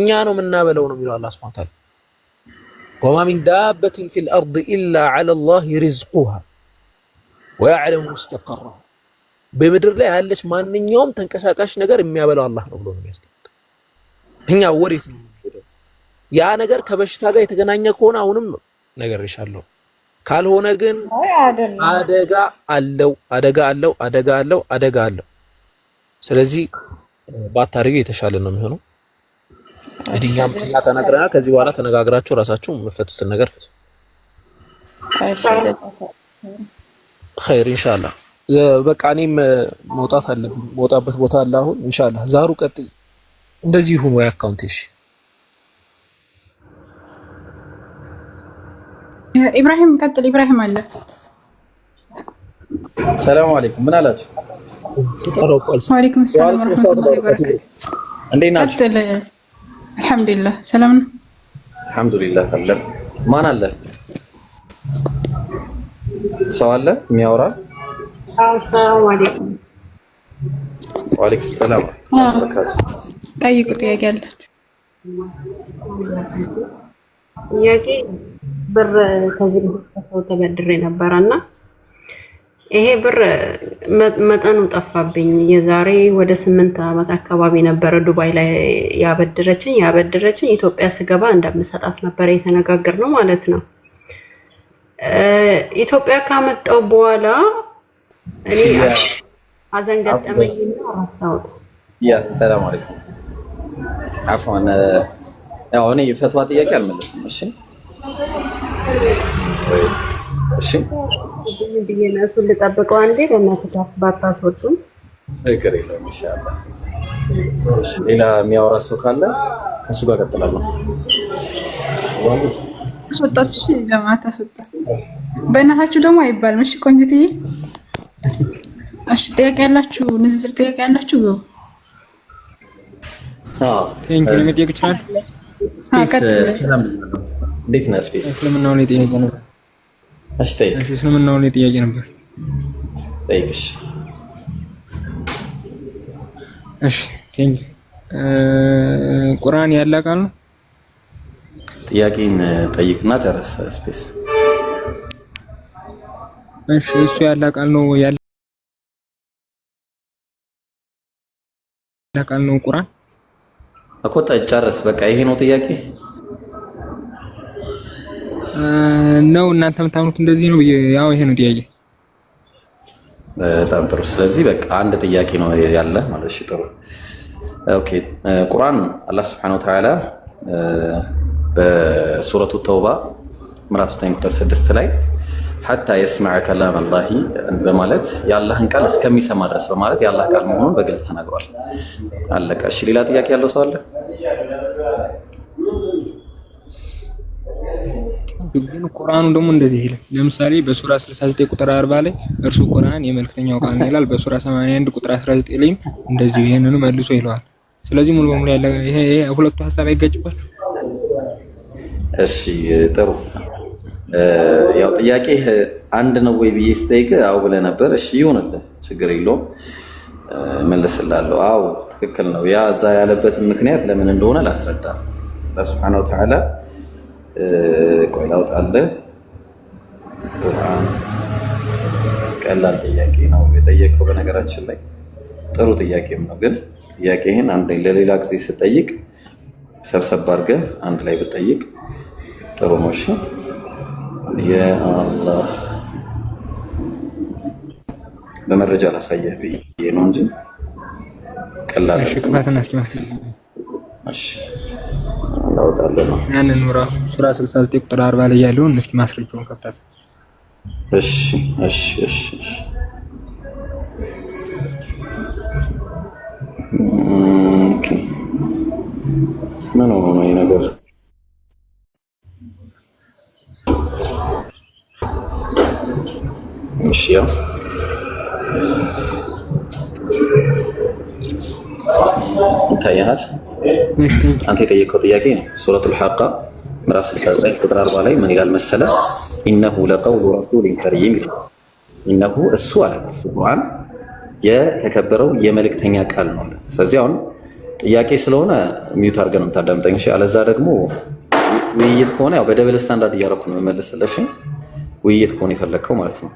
እኛ ነው የምናበለው ነው የሚለው አላህ ሱብሓነሁ ወተዓላ ወማ ሚን ዳበትን ፊል አርድ ኢላ ዐለላሂ ሪዝቁሃ ወያዕለሙ ሙስተቀራሃ በምድር ላይ ያለች ማንኛውም ተንቀሳቃሽ ነገር የሚያበላው አላህ ነው ብሎ ነው የሚያስቀምጠው። እኛ ወዴት ነው የምንሄደው? ያ ነገር ከበሽታ ጋር የተገናኘ ከሆነ አሁንም ነግሬሻለሁ። ካልሆነ ግን አደጋ አለው፣ አደጋ አለው፣ አደጋ አለው፣ አደጋ አለው። ስለዚህ ባታሪው የተሻለ ነው የሚሆነው። እኛም እኛ ተናግረና ከዚህ በኋላ ተነጋግራችሁ እራሳችሁ የምትፈቱትን ነገር ፍቱ። ኸይር ኢንሻአላ። በቃ እኔም መውጣት አለ መውጣበት ቦታ አለ አሁን። ኢንሻአላ ዛሩ ቀጥ እንደዚህ ይሁን ወይ አካውንት። እሺ ኢብራሂም ቀጥል። ኢብራሂም አለ። ሰላም አለይኩም። ምን አላችሁ? ሰላም አለይኩም። ሰላም ወበረካቱ እንዴት ናችሁ? አልሐምዱሊላህ ሰላም ነው። አልሐምዱሊላህ አለ። ማን አለ? ሰው አለ የሚያወራ? አሰላሙ አለይኩም። ሰላም። ጠይቁ፣ ጥያቄ አላችሁ? ጥያቄ ብር ከዚህ ተበድሬ ነበረና ይሄ ብር መጠኑ ጠፋብኝ። የዛሬ ወደ ስምንት ዓመት አካባቢ ነበረ ዱባይ ላይ ያበድረችኝ ያበድረችኝ ኢትዮጵያ ስገባ እንደምሰጣት ነበረ ነው ማለት ነው። ኢትዮጵያ ካመጣው በኋላ እኔ አዘን ገጠመኝና ሰላም አለይኩም ያው እኔ የፈትዋ ጥያቄ አልመለስም። እሺ እሺ ዝም ብዬ ነው እሱን ልጠብቀው። አንዴ ለእናትህ ጋር ባታስወጡም እግር የለውም። ኢንሻላህ ሌላ የሚያወራ ሰው ካለ ከእሱ ጋር ቀጥላለሁ። አስወጣት፣ እሺ ጀማዓት አስወጣት። በእናታችሁ ደግሞ አይባልም። እሺ ቆንጆትዬ፣ እሺ ጥያቄ ያላችሁ ንዝዝር ጥያቄ ያላችሁ ግቡ። እንግዲህ ይችላል። እንዴት ነህ? ስፔስ እስልምናው ላይ ጥያቄ እሺ ላይ ጥያቄ ነበር። ጠይቅሽ። እሺ ቴንክ ቁርአን ያለ ቃል ነው። ጥያቄን ጠይቅና ጨርስ። ስፔስ እሺ፣ እሱ ያለ ቃል ነው ያለ ቃል ነው ቁርአን እኮ ጨርስ። በቃ ይሄ ነው ጥያቄ ነው እናንተ የምታምኑት እንደዚህ ነው? ያው ይሄ ነው ጥያቄ። በጣም ጥሩ። ስለዚህ በቃ አንድ ጥያቄ ነው ያለ ማለት እሺ፣ ጥሩ ኦኬ። ቁርአን አላህ Subhanahu Wa Ta'ala በሱረቱ ተውባ ምዕራፍ 9 ቁጥር 6 ላይ ሐታ የስማዕ ከላም አላሂ በማለት የአላህን ቃል እስከሚሰማ ድረስ በማለት የአላህ ቃል መሆኑን በግልጽ ተናግሯል። አለቀ። እሺ፣ ሌላ ጥያቄ ያለው ሰው አለ? ግን ቁርአኑ ደግሞ እንደዚህ ይላል። ለምሳሌ በሱራ 69 ቁጥር 40 ላይ እርሱ ቁርአን የመልክተኛው ቃል ይላል። በሱራ 81 ቁጥር 19 ላይም እንደዚሁ ይሄንኑ መልሶ ይለዋል። ስለዚህ ሙሉ በሙሉ ያለ ይሄ ሁለቱ ሀሳብ አይጋጭባችሁ? እሺ ጥሩ። ያው ጥያቄ አንድ ነው ወይ ብዬ ስጠይቅ አው ብለህ ነበር። እሺ ይሁንልህ፣ ችግር የለውም እመልስልሃለሁ። አው ትክክል ነው። ያ እዛ ያለበትን ምክንያት ለምን እንደሆነ ላስረዳ። አላህ ወተዓላ ቆይ ላውጣለህ። ቀላል ጥያቄ ነው የጠየቀው። በነገራችን ላይ ጥሩ ጥያቄም ነው፣ ግን ጥያቄህን አንድ ላይ ለሌላ ጊዜ ስጠይቅ ሰብሰብ አድርገህ አንድ ላይ ብጠይቅ ጥሩ ነው። እሺ የአላህ በመረጃ ላሳየህ ብዬ ነው እንጂ ቀላል እናወጣለን ነው ያንን ራሱ ሱራ 69 ቁጥር 40 ላይ ያለውን እስኪ ማስረጃውን ከፍታስ። እሺ እሺ እሺ እሺ ምን ሆኖ ነው ነገር? እሺ ያው ይታያል። አንተ የጠየቀው ጥያቄ ነው። ሱረቱል ሐቃ ምዕራፍ 69 ቁጥር 40 ላይ ምን ይላል መሰለ? ኢነሁ ለቀውሉ ረሱሊን ከሪም ይላል። ኢነሁ እሱ አለ ቁርአን የተከበረው የመልእክተኛ ቃል ነው ስለዚህ አሁን ጥያቄ ስለሆነ ሚዩት አድርገን ነው የምታዳምጠኝ። እሺ፣ አለዛ ደግሞ ውይይት ከሆነ ያው በደብል ስታንዳርድ እያደረኩ ነው የምመልስልሽ። ውይይት ከሆነ የፈለግከው ማለት ነው።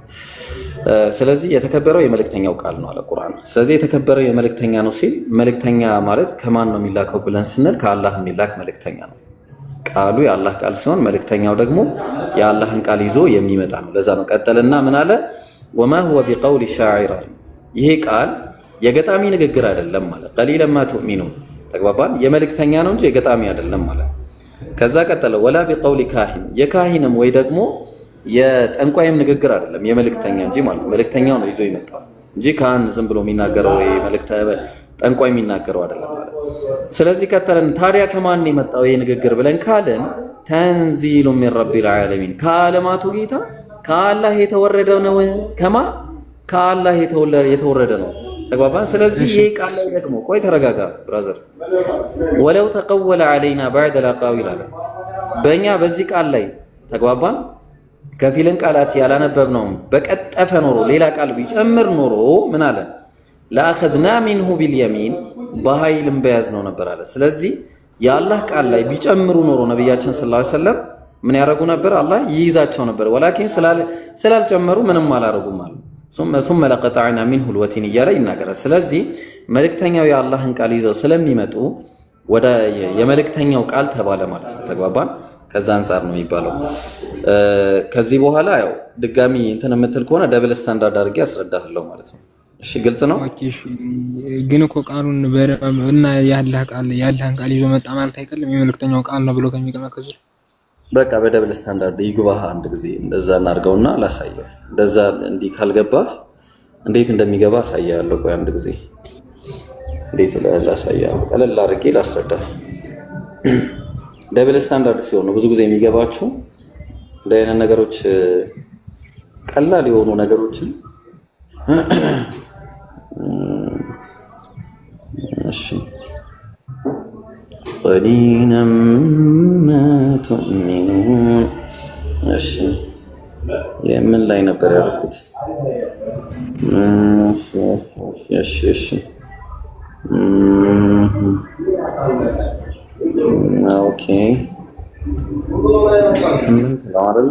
ስለዚህ የተከበረው የመልእክተኛው ቃል ነው አለ ቁርአን ስለዚህ የተከበረ የመልእክተኛ ነው ሲል መልእክተኛ ማለት ከማን ነው የሚላከው ብለን ስንል ከአላህ የሚላክ መልእክተኛ ነው። ቃሉ የአላህ ቃል ሲሆን መልእክተኛው ደግሞ የአላህን ቃል ይዞ የሚመጣ ነው። ለዛ ነው ቀጠልና ምን አለ ወማ ሁወ ቢቀውሊ ሻዒር፣ ይሄ ቃል የገጣሚ ንግግር አይደለም ማለት ቀሊለን ማ ትኡሚኑን። ተግባባን። የመልእክተኛ ነው እንጂ የገጣሚ አይደለም ማለት። ከዛ ቀጠለ ወላ ቢቀውሊ ካሂን፣ የካሂንም ወይ ደግሞ የጠንቋይም ንግግር አይደለም የመልእክተኛ እንጂ ማለት መልእክተኛው ነው ይዞ ይመጣል እንጂ ካህን ዝም ብሎ የሚናገረው መልእክተ ጠንቋይ የሚናገረው አይደለም ማለት። ስለዚህ ከተለን ታዲያ ከማን የመጣው ይህ ንግግር ብለን ካለን ተንዚሉ ሚን ረቢል ዓለሚን ከዓለማቱ ጌታ ከአላህ የተወረደ ነው። ከማ ከአላህ የተወረደ ነው። ተግባባ። ስለዚህ ይህ ቃል ላይ ደግሞ ቆይ ተረጋጋ ብራዘር። ወለው ተቀወለ ዓለይና ባዕድ ላቃዊ ይላል በእኛ በዚህ ቃል ላይ ተግባባን። ከፊልን ቃላት ያላነበብ ነው በቀጠፈ ኖሮ ሌላ ቃል ቢጨምር ኖሮ ምን አለ ለአኸድና ሚንሁ ቢልየሚን በኃይልም በያዝ ነው ነበር አለ። ስለዚህ የአላህ ቃል ላይ ቢጨምሩ ኖሮ ነቢያችን ስ ሰለም ምን ያደረጉ ነበር? አላህ ይይዛቸው ነበር። ወላኪን ስላልጨመሩ ምንም አላረጉም አለ። ሱመ ለቀጣዕና ሚንሁ ልወቲን እያለ ይናገራል። ስለዚህ መልእክተኛው የአላህን ቃል ይዘው ስለሚመጡ ወደ የመልእክተኛው ቃል ተባለ ማለት ነው። ተግባባን። ከዛ አንጻር ነው የሚባለው። ከዚህ በኋላ ያው ድጋሚ እንትን የምትል ከሆነ ደብል ስታንዳርድ አድርጌ አስረዳለሁ ማለት ነው። እሺ፣ ግልጽ ነው። ግን እኮ ቃሉን እና ያለህ ቃል ያለህን ቃል ይዞ መጣ ማለት አይቀልም። የመልክተኛው ቃል ነው ብሎ ከሚቀመከዙ በቃ በደብል ስታንዳርድ ይግባህ። አንድ ጊዜ እንደዛ እናድርገውና ላሳየው። እንደዛ እንዲህ ካልገባ እንዴት እንደሚገባ አሳያለሁ። ቆይ አንድ ጊዜ እንዴት ላሳያ፣ ቀለል አድርጌ ላስረዳ ደብል ስታንዳርድ ሲሆን ነው ብዙ ጊዜ የሚገባችሁ። እንደ አይነት ነገሮች ቀላል የሆኑ ነገሮችን እሺ قليلا ما تؤمنون እሺ የምን ላይ ነበር ያልኩት? እሺ እሺ ኦኬ ስምንት ነው አይደለ?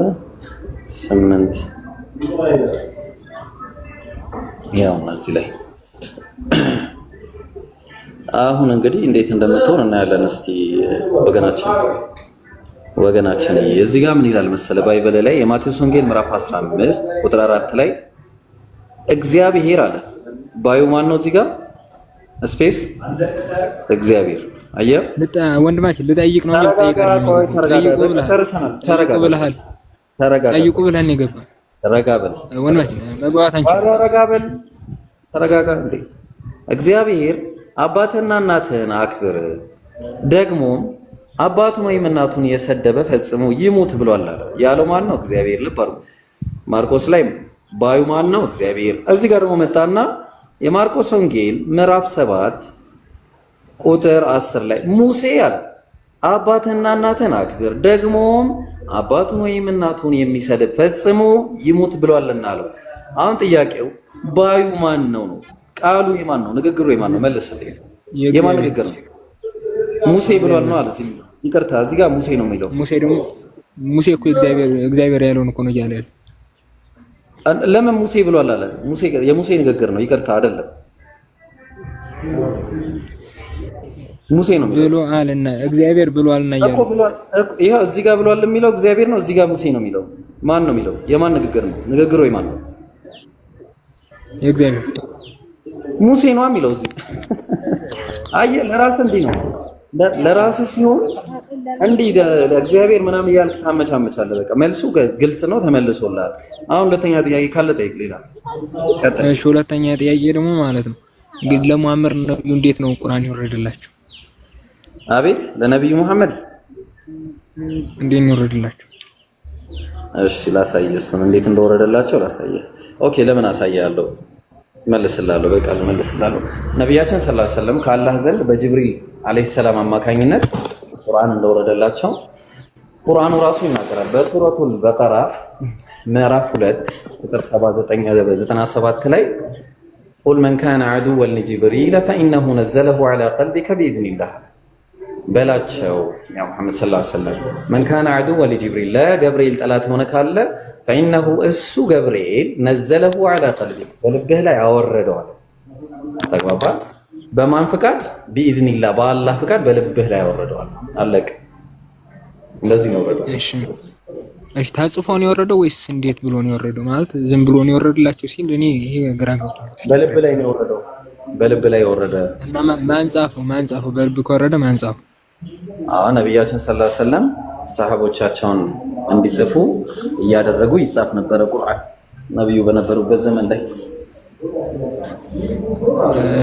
ስምንት ያው እዚህ ላይ አሁን እንግዲህ እንዴት እንደምትሆን እናያለን። እስቲ ወገናችን ወገናችን እዚህ ጋር ምን ይላል መሰለ ባይበል ላይ የማቴዎስ ወንጌል ምዕራፍ 15 ቁጥር 4 ላይ እግዚአብሔር አለ። ባዩ ማን ነው? እዚህ ጋር ስፔስ እግዚአብሔር ወንድማችን ልጠይቅ ነው ጠይቁ ብለህ ነው የገባህ። ወንድማችን፣ ተረጋጋ። እግዚአብሔር አባትህና እናትህን አክብር። ደግሞም አባቱን ወይም እናቱን የሰደበ ፈጽሞ ይሙት ብሏል አለ ያለው ማን ነው? እግዚአብሔር። ልብ አድርጉ። ማርቆስ ላይ ባዩ ማን ነው? እግዚአብሔር። እዚህ ጋር ደግሞ መጣና የማርቆስ ወንጌል ምዕራፍ ሰባት ቁጥር 10 ላይ ሙሴ አለ አባትና እናትን አክብር ደግሞም አባቱን ወይም እናቱን የሚሰድብ ፈጽሞ ይሙት ብሏልና አለው። አሁን ጥያቄው ባዩ ማን ነው ነው? ቃሉ የማን ነው? ንግግሩ የማን ነው? መልስልኝ። የማን ንግግር ነው? ሙሴ ብሏል ነው አለ። እዚህ ይቅርታ፣ እዚህ ጋር ሙሴ ነው የሚለው። ሙሴ ደግሞ ሙሴ እኮ እግዚአብሔር እግዚአብሔር ያለውን እኮ ነው እያለ ለምን ሙሴ ብሏል አለ። ሙሴ የሙሴ ንግግር ነው። ይቅርታ አይደለም ሙሴ ነው ብሏልና እግዚአብሔር ብሏልና እኮ ብሏል ይሄ እዚህ ጋር ብሏል የሚለው እግዚአብሔር ነው። እዚህ ጋር ሙሴ ነው የሚለው ማን ነው የሚለው የማን ንግግር ነው? ንግግሩ የማን ነው? የእግዚአብሔር ሙሴ ነው የሚለው እዚህ አየህ፣ ለራስ እንዲህ ነው ለራስ ሲሆን እንዲህ ለእግዚአብሔር ምናምን እያልክ ታመቻመቻለህ። በቃ መልሱ ግልጽ ነው፣ ተመልሶልሃል። አሁን ሁለተኛ ጥያቄ ካለ ጠይቅ። ሌላ እሺ፣ ሁለተኛ ጥያቄ ደግሞ ማለት ነው እንግዲህ ለሙሐመድ ነብዩ እንዴት ነው ቁርአን ይወረደላችሁ? አቤት ለነብዩ መሐመድ እንዴት ነው ወረደላቸው? እሺ ላሳየህ፣ እሱን እንዴት እንደወረደላቸው ላሳየ። ኦኬ ለምን አሳያለሁ? መልስላለሁ፣ በቃ መልስላለሁ። ነቢያችን ሰለላሁ ዐለይሂ ወሰለም ከአላህ ዘንድ በጅብሪል አለይሂ ሰላም አማካኝነት ቁርአን እንደወረደላቸው ቁርአኑ ራሱ ይናገራል። በሱረቱል በቀራ ምዕራፍ 2 ቁጥር 79 97 ላይ ቁል መን ካነ አዱወን ሊጅብሪል ፈኢነሁ ነዘለሁ ዐላ ቀልቢከ ቢኢዝኒላህ በላቸው ያ ሙሐመድ ሰለላሁ ዐለይሂ ወሰለም መን ካነ አዱወ ለጅብሪል ለገብርኤል ጠላት የሆነ ካለ ፈኢነሁ እሱ ገብርኤል ነዘለሁ ዐላ ቀልቢክ በልብህ ላይ አወረደዋል። ተግባባ። በማን ፍቃድ? ቢኢዝኒላህ በአላህ ፍቃድ በልብህ ላይ አወረደዋል። አለቅ። እንደዚህ ነው ወረደው። እሺ፣ እሺ። ተጽፎ ነው የወረደው ወይስ እንዴት ብሎ ነው የወረደው? ማለት ዝም ብሎ ነው የወረደላቸው ሲል እኔ ይሄ ግራ ገብቶኛል። በልብ ላይ ነው የወረደው። በልብ ላይ ወረደ እና ማን ጻፈው? ማን ጻፈው? በልብ ከወረደ ማን ጻፈው? አዎ ነቢያችን ሰለላሁ ዐለይሂ ወሰለም ሰሃቦቻቸውን እንዲጽፉ እያደረጉ ይጻፍ ነበረ ቁርአን ነብዩ በነበሩበት ዘመን ላይ።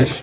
እሺ